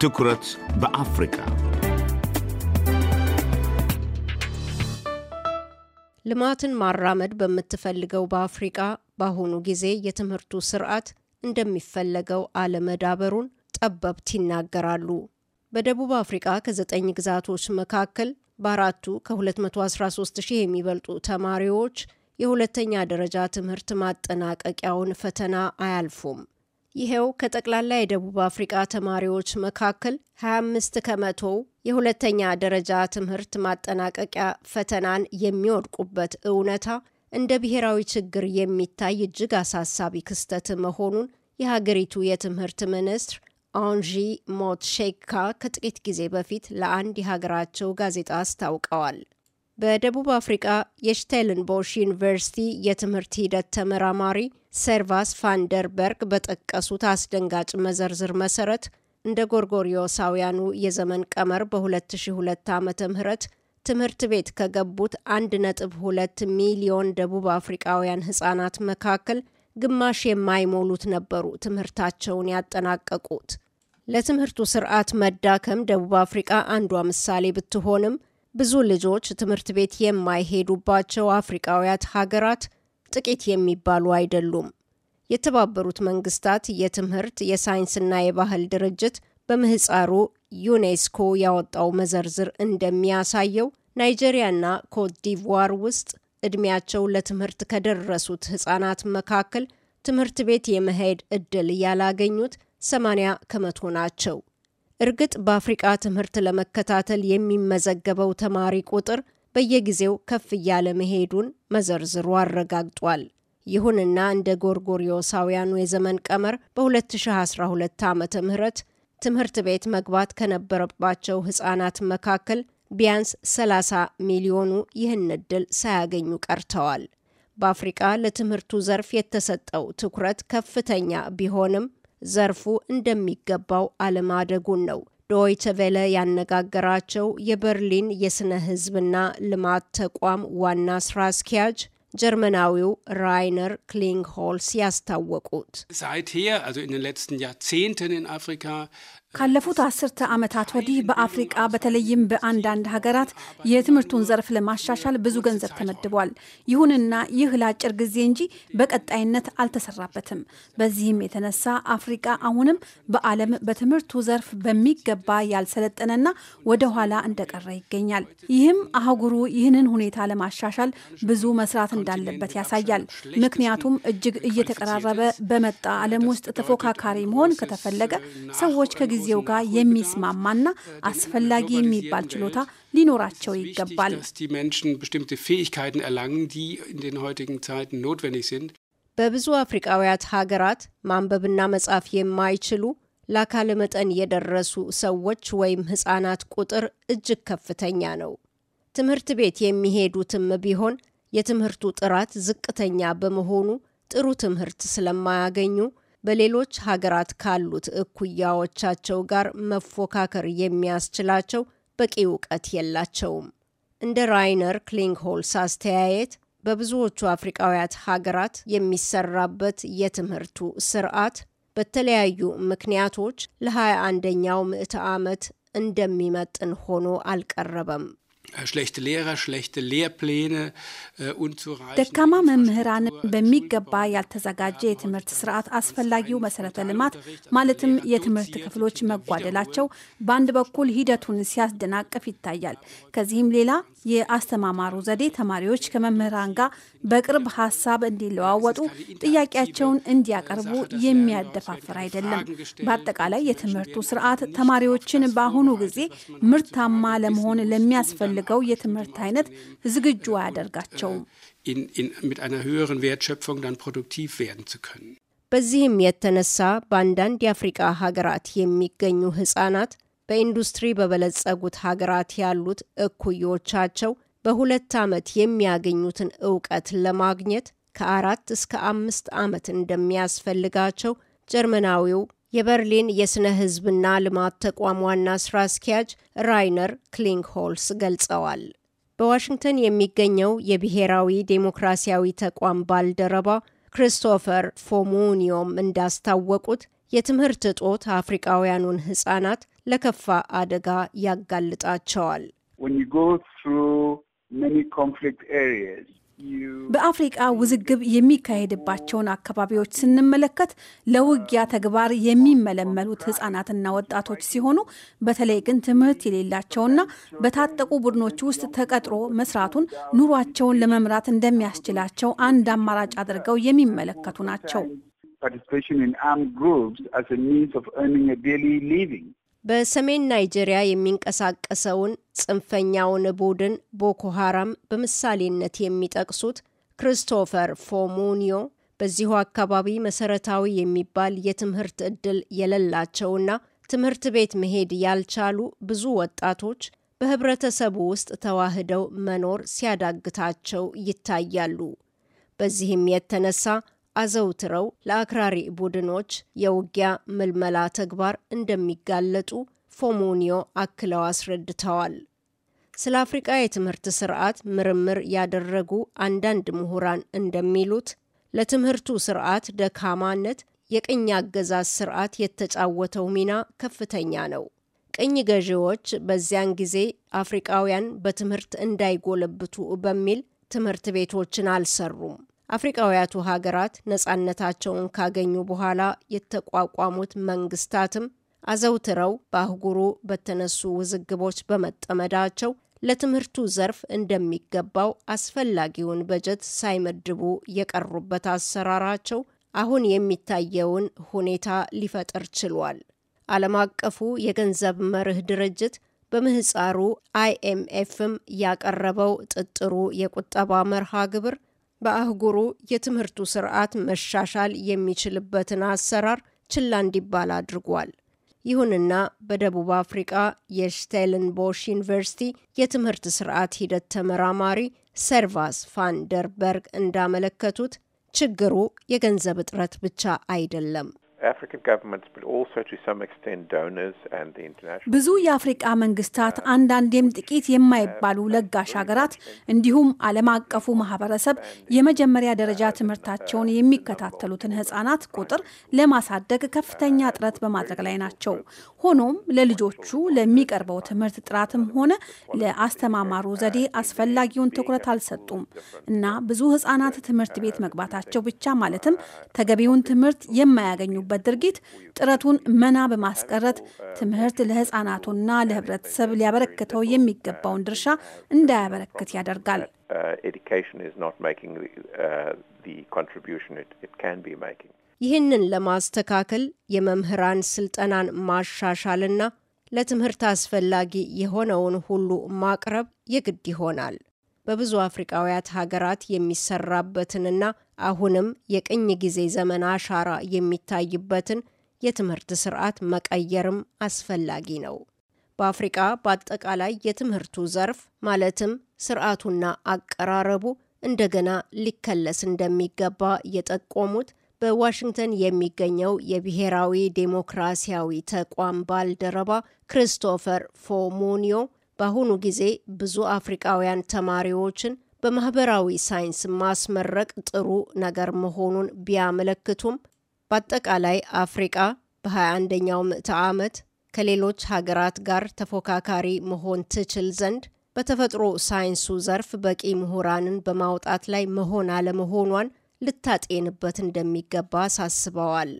ትኩረት በአፍሪካ ልማትን ማራመድ በምትፈልገው በአፍሪቃ በአሁኑ ጊዜ የትምህርቱ ስርዓት እንደሚፈለገው አለመዳበሩን ጠበብት ይናገራሉ። በደቡብ አፍሪቃ ከዘጠኝ ግዛቶች መካከል በአራቱ ከ213 ሺህ የሚበልጡ ተማሪዎች የሁለተኛ ደረጃ ትምህርት ማጠናቀቂያውን ፈተና አያልፉም። ይሄው ከጠቅላላ የደቡብ አፍሪቃ ተማሪዎች መካከል 25 ከመቶ የሁለተኛ ደረጃ ትምህርት ማጠናቀቂያ ፈተናን የሚወድቁበት እውነታ እንደ ብሔራዊ ችግር የሚታይ እጅግ አሳሳቢ ክስተት መሆኑን የሀገሪቱ የትምህርት ሚኒስትር አንዢ ሞትሼካ ከጥቂት ጊዜ በፊት ለአንድ የሀገራቸው ጋዜጣ አስታውቀዋል። በደቡብ አፍሪቃ የሽቴልንቦሽ ዩኒቨርሲቲ የትምህርት ሂደት ተመራማሪ ሰርቫስ ፋንደርበርግ በጠቀሱት አስደንጋጭ መዘርዝር መሰረት እንደ ጎርጎሪዮሳውያኑ የዘመን ቀመር በ2002 ዓ ም ትምህርት ቤት ከገቡት 1.2 ሚሊዮን ደቡብ አፍሪቃውያን ህጻናት መካከል ግማሽ የማይሞሉት ነበሩ ትምህርታቸውን ያጠናቀቁት። ለትምህርቱ ስርዓት መዳከም ደቡብ አፍሪቃ አንዷ ምሳሌ ብትሆንም ብዙ ልጆች ትምህርት ቤት የማይሄዱባቸው አፍሪቃውያት ሀገራት ጥቂት የሚባሉ አይደሉም። የተባበሩት መንግስታት የትምህርት የሳይንስና የባህል ድርጅት በምህፃሩ ዩኔስኮ ያወጣው መዘርዝር እንደሚያሳየው ናይጄሪያና ኮትዲቯር ውስጥ እድሜያቸው ለትምህርት ከደረሱት ህጻናት መካከል ትምህርት ቤት የመሄድ እድል ያላገኙት 80 ከመቶ ናቸው። እርግጥ በአፍሪቃ ትምህርት ለመከታተል የሚመዘገበው ተማሪ ቁጥር በየጊዜው ከፍ እያለ መሄዱን መዘርዝሩ አረጋግጧል። ይሁንና እንደ ጎርጎሪዮሳውያኑ የዘመን ቀመር በ2012 ዓ ም ትምህርት ቤት መግባት ከነበረባቸው ሕፃናት መካከል ቢያንስ 30 ሚሊዮኑ ይህን ዕድል ሳያገኙ ቀርተዋል። በአፍሪቃ ለትምህርቱ ዘርፍ የተሰጠው ትኩረት ከፍተኛ ቢሆንም ዘርፉ እንደሚገባው አለማደጉን ነው። ዶይቸ ቬለ ያነጋገራቸው የበርሊን የሥነ ሕዝብና ልማት ተቋም ዋና ስራ አስኪያጅ ጀርመናዊው ራይነር ክሊንግሆልስ ያስታወቁት ካለፉት አስርተ ዓመታት ወዲህ በአፍሪቃ በተለይም በአንዳንድ ሀገራት የትምህርቱን ዘርፍ ለማሻሻል ብዙ ገንዘብ ተመድቧል። ይሁንና ይህ ለአጭር ጊዜ እንጂ በቀጣይነት አልተሰራበትም። በዚህም የተነሳ አፍሪቃ አሁንም በዓለም በትምህርቱ ዘርፍ በሚገባ ያልሰለጠነና ወደ ኋላ እንደቀረ ይገኛል። ይህም አህጉሩ ይህንን ሁኔታ ለማሻሻል ብዙ መስራት እንዳለበት ያሳያል። ምክንያቱም እጅግ እየተቀራረበ በመጣ ዓለም ውስጥ ተፎካካሪ መሆን ከተፈለገ ሰዎች ከጊዜ ከጊዜው ጋር የሚስማማና አስፈላጊ የሚባል ችሎታ ሊኖራቸው ይገባል። በብዙ አፍሪቃውያት ሀገራት ማንበብና መጻፍ የማይችሉ ለአካለ መጠን የደረሱ ሰዎች ወይም ሕፃናት ቁጥር እጅግ ከፍተኛ ነው። ትምህርት ቤት የሚሄዱትም ቢሆን የትምህርቱ ጥራት ዝቅተኛ በመሆኑ ጥሩ ትምህርት ስለማያገኙ በሌሎች ሀገራት ካሉት እኩያዎቻቸው ጋር መፎካከር የሚያስችላቸው በቂ እውቀት የላቸውም። እንደ ራይነር ክሊንግሆልስ አስተያየት በብዙዎቹ አፍሪቃውያት ሀገራት የሚሰራበት የትምህርቱ ስርዓት በተለያዩ ምክንያቶች ለ21ኛው ምዕተ ዓመት እንደሚመጥን ሆኖ አልቀረበም። Äh, schlechte Lehrer, schlechte Lehrpläne, ደካማ መምህራን፣ በሚገባ ያልተዘጋጀ የትምህርት ስርዓት፣ አስፈላጊው መሰረተ ልማት ማለትም የትምህርት ክፍሎች መጓደላቸው በአንድ በኩል ሂደቱን ሲያስደናቅፍ ይታያል። ከዚህም ሌላ የአስተማማሩ ዘዴ ተማሪዎች ከመምህራን ጋር በቅርብ ሀሳብ እንዲለዋወጡ፣ ጥያቄያቸውን እንዲያቀርቡ የሚያደፋፍር አይደለም። በአጠቃላይ የትምህርቱ ስርዓት ተማሪዎችን በአሁኑ ጊዜ ምርታማ ለመሆን ለሚያስፈልግ የሚፈልገው የትምህርት አይነት ዝግጁ አያደርጋቸውም። በዚህም የተነሳ በአንዳንድ የአፍሪቃ ሀገራት የሚገኙ ህጻናት በኢንዱስትሪ በበለጸጉት ሀገራት ያሉት እኩዮቻቸው በሁለት ዓመት የሚያገኙትን እውቀት ለማግኘት ከአራት እስከ አምስት ዓመት እንደሚያስፈልጋቸው ጀርመናዊው የበርሊን የሥነ ሕዝብና ልማት ተቋም ዋና ስራ አስኪያጅ ራይነር ክሊንግሆልስ ገልጸዋል። በዋሽንግተን የሚገኘው የብሔራዊ ዴሞክራሲያዊ ተቋም ባልደረባ ክሪስቶፈር ፎሙኒዮም እንዳስታወቁት የትምህርት እጦት አፍሪቃውያኑን ህጻናት ለከፋ አደጋ ያጋልጣቸዋል። በአፍሪቃ ውዝግብ የሚካሄድባቸውን አካባቢዎች ስንመለከት ለውጊያ ተግባር የሚመለመሉት ህጻናትና ወጣቶች ሲሆኑ በተለይ ግን ትምህርት የሌላቸውና በታጠቁ ቡድኖች ውስጥ ተቀጥሮ መስራቱን ኑሯቸውን ለመምራት እንደሚያስችላቸው አንድ አማራጭ አድርገው የሚመለከቱ ናቸው። በሰሜን ናይጄሪያ የሚንቀሳቀሰውን ጽንፈኛውን ቡድን ቦኮ ሃራም በምሳሌነት የሚጠቅሱት ክሪስቶፈር ፎሙኒዮ በዚሁ አካባቢ መሰረታዊ የሚባል የትምህርት ዕድል የሌላቸውና ትምህርት ቤት መሄድ ያልቻሉ ብዙ ወጣቶች በህብረተሰቡ ውስጥ ተዋህደው መኖር ሲያዳግታቸው ይታያሉ። በዚህም የተነሳ አዘውትረው ለአክራሪ ቡድኖች የውጊያ ምልመላ ተግባር እንደሚጋለጡ ፎሞኒዮ አክለው አስረድተዋል። ስለ አፍሪቃ የትምህርት ስርዓት ምርምር ያደረጉ አንዳንድ ምሁራን እንደሚሉት ለትምህርቱ ስርዓት ደካማነት የቅኝ አገዛዝ ስርዓት የተጫወተው ሚና ከፍተኛ ነው። ቅኝ ገዢዎች በዚያን ጊዜ አፍሪቃውያን በትምህርት እንዳይጎለብቱ በሚል ትምህርት ቤቶችን አልሰሩም። አፍሪቃውያቱ ሀገራት ነጻነታቸውን ካገኙ በኋላ የተቋቋሙት መንግስታትም አዘውትረው በአህጉሩ በተነሱ ውዝግቦች በመጠመዳቸው ለትምህርቱ ዘርፍ እንደሚገባው አስፈላጊውን በጀት ሳይመድቡ የቀሩበት አሰራራቸው አሁን የሚታየውን ሁኔታ ሊፈጥር ችሏል። ዓለም አቀፉ የገንዘብ መርህ ድርጅት በምህፃሩ አይኤምኤፍም ያቀረበው ጥጥሩ የቁጠባ መርሃ ግብር በአህጉሩ የትምህርቱ ስርዓት መሻሻል የሚችልበትን አሰራር ችላ እንዲባል አድርጓል። ይሁንና በደቡብ አፍሪቃ የሽቴልንቦሽ ዩኒቨርሲቲ የትምህርት ስርዓት ሂደት ተመራማሪ ሰርቫስ ፋንደርበርግ እንዳመለከቱት ችግሩ የገንዘብ እጥረት ብቻ አይደለም። ብዙ የአፍሪቃ መንግስታት አንዳንዴም ጥቂት የማይባሉ ለጋሽ ሀገራት እንዲሁም ዓለም አቀፉ ማህበረሰብ የመጀመሪያ ደረጃ ትምህርታቸውን የሚከታተሉትን ህጻናት ቁጥር ለማሳደግ ከፍተኛ ጥረት በማድረግ ላይ ናቸው። ሆኖም ለልጆቹ ለሚቀርበው ትምህርት ጥራትም ሆነ ለአስተማማሩ ዘዴ አስፈላጊውን ትኩረት አልሰጡም እና ብዙ ህጻናት ትምህርት ቤት መግባታቸው ብቻ ማለትም ተገቢውን ትምህርት የማያገኙ የሚያደርጉበት ድርጊት ጥረቱን መና በማስቀረት ትምህርት ለሕፃናቱና ለህብረተሰብ ሊያበረክተው የሚገባውን ድርሻ እንዳያበረክት ያደርጋል። uh, ይህንን ለማስተካከል የመምህራን ስልጠናን ማሻሻልና ለትምህርት አስፈላጊ የሆነውን ሁሉ ማቅረብ የግድ ይሆናል። በብዙ አፍሪቃውያት ሀገራት የሚሰራበትንና አሁንም የቅኝ ጊዜ ዘመን አሻራ የሚታይበትን የትምህርት ስርዓት መቀየርም አስፈላጊ ነው። በአፍሪቃ በአጠቃላይ የትምህርቱ ዘርፍ ማለትም ስርዓቱና አቀራረቡ እንደገና ሊከለስ እንደሚገባ የጠቆሙት በዋሽንግተን የሚገኘው የብሔራዊ ዴሞክራሲያዊ ተቋም ባልደረባ ክሪስቶፈር ፎሞኒዮ በአሁኑ ጊዜ ብዙ አፍሪቃውያን ተማሪዎችን በማህበራዊ ሳይንስ ማስመረቅ ጥሩ ነገር መሆኑን ቢያመለክቱም በአጠቃላይ አፍሪቃ በ21ኛው ምዕተ ዓመት ከሌሎች ሀገራት ጋር ተፎካካሪ መሆን ትችል ዘንድ በተፈጥሮ ሳይንሱ ዘርፍ በቂ ምሁራንን በማውጣት ላይ መሆን አለመሆኗን ልታጤንበት እንደሚገባ አሳስበዋል።